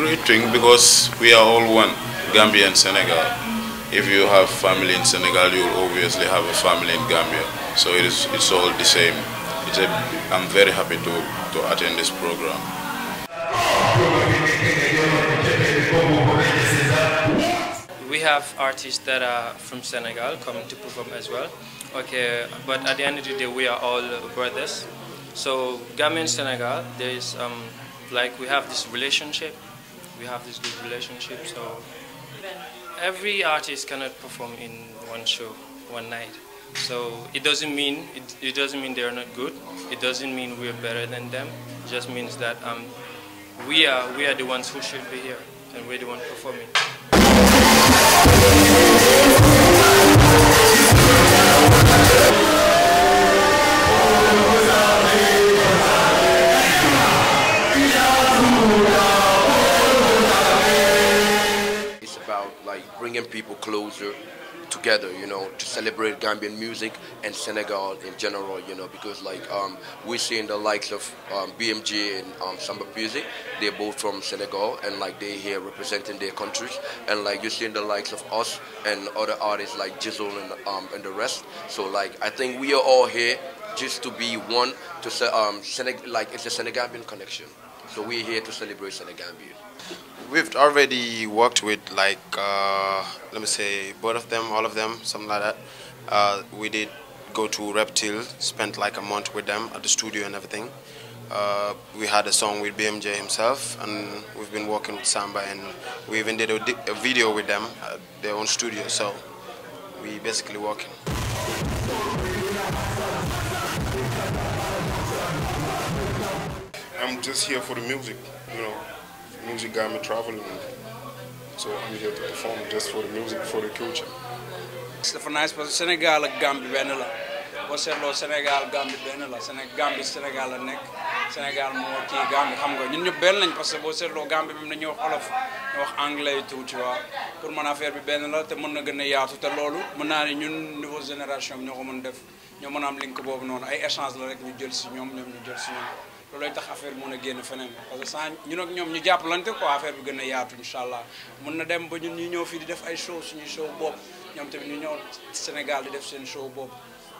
great thing because we are all one, Gambia and Senegal. If you have family in Senegal, you will obviously have a family in Gambia. So it is, it's all the same. It's a, I'm very happy to, to attend this program. We have artists that are from Senegal coming to perform as well. Okay, but at the end of the day, we are all brothers. So Gambia and Senegal, there is um, like we have this relationship we have this good relationship. So every artist cannot perform in one show, one night. So it doesn't mean it, it doesn't mean they are not good. It doesn't mean we are better than them. It just means that um, we are we are the ones who should be here, and we're the ones performing. bringing people closer together, you know, to celebrate Gambian music and Senegal in general, you know, because like um, we're seeing the likes of um, BMG and um, Samba Music, they're both from Senegal and like they're here representing their countries, and like you're seeing the likes of us and other artists like Jizzle and um, and the rest. So like I think we are all here just to be one to um Seneg- like it's a Senegambian connection. So we're here to celebrate Senegambia. We've already worked with like, uh, let me say, both of them, all of them, something like that. Uh, we did go to Reptile, spent like a month with them at the studio and everything. Uh, we had a song with BMJ himself, and we've been working with Samba, and we even did a, a video with them at their own studio. So we basically working. I'm just here for the music, you know. Music got me traveling, so I'm here to perform just for the music, for the culture. Stéphanage parce que Sénégal ak Gambie benn la boo seetloo Sénégal Gambie benn Senegal, Séné Sénégal la Sénégal moo kii Gambie xam nga ñun ñëpp benn lañ parce que boo seetloo Gambie bi dañuy wax olof ñu wax anglais tout tu vois pour man affaire bi benn la te mën na gën a yaatu te loolu mën naa ne ñun niveau génération bi ñoo ko mën def ñoo mën a am link boobu noonu ay échange la rek ñu jël si ñoom ñoom ñu jël si loolooy tax affaire bi mën a génn feneen parce que sans ñun ak ñoom ñu jàppalante ko affaire bi gën a yaatu incha allah mën na dem ba ñun ñu ñëw fii di def ay show suñuy show bopp ñoom tamit ñu ñëw Sénégal di def seen show bopp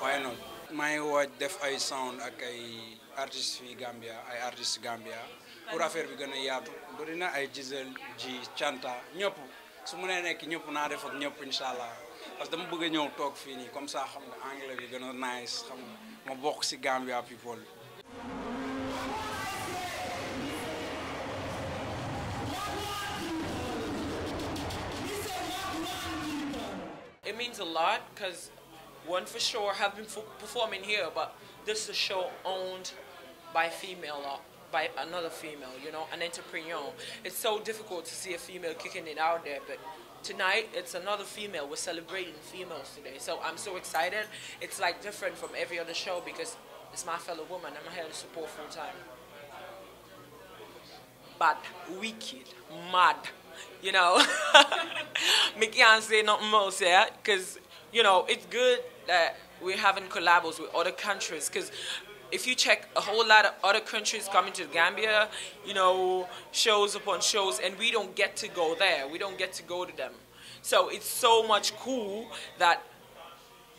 waaye noonu. maa ngi waaj def ay sound ak ay artistes fii Gambia ay artistes Gambia pour affaire bi gën a yaatu bëri na ay Gisel ji Chanta ñëpp su mënee nekk ñëpp naa def ak ñëpp incha allah parce que dama bëgg ñëw toog fii nii comme sa xam nga anglais gën a nice xam nga bokk si Gambia people. it means a lot because one for sure have been performing here, but this is a show owned by female or uh, by another female, you know, an entrepreneur. It's so difficult to see a female kicking it out there, but tonight it's another female. We're celebrating females today, so I'm so excited. It's like different from every other show because it's my fellow woman. I'm here to support full time. Bad, wicked, mad. You know, me can't say nothing else, yeah, because you know it's good that we're having collabs with other countries. Because if you check a whole lot of other countries coming to Gambia, you know, shows upon shows, and we don't get to go there. We don't get to go to them. So it's so much cool that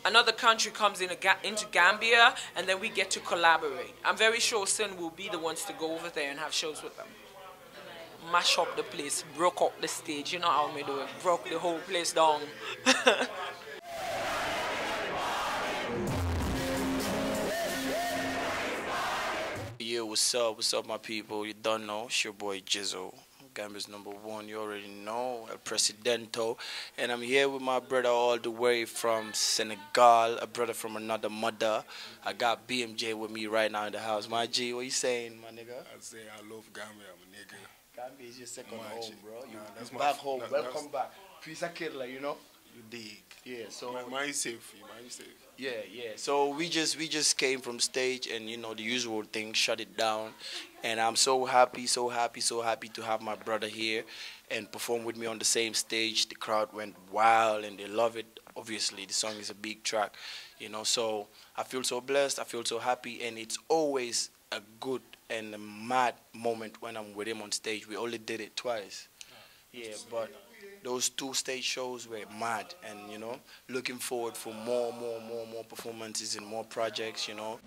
another country comes in into Gambia and then we get to collaborate. I'm very sure soon we'll be the ones to go over there and have shows with them mash up the place, broke up the stage. You know how me do it, broke the whole place down. yeah, what's up? What's up, my people? You don't know, it's your boy Jizzle. Gambia's number one, you already know, El Presidente. And I'm here with my brother all the way from Senegal, a brother from another mother. I got BMJ with me right now in the house. My G, what you saying, my nigga? I say I love Gambia, my nigga. It's is your second home, bro. You nah, that's back home. That, Welcome back. Pisa Kerala, you know. You dig. Yeah. So mine my, safe. Mine safe. Yeah, yeah. So we just we just came from stage and you know the usual thing, shut it down, and I'm so happy, so happy, so happy to have my brother here, and perform with me on the same stage. The crowd went wild and they love it. Obviously, the song is a big track, you know. So I feel so blessed. I feel so happy, and it's always a good and a mad moment when I'm with him on stage. We only did it twice. Yeah, but those two stage shows were mad and you know looking forward for more more more more performances and more projects you know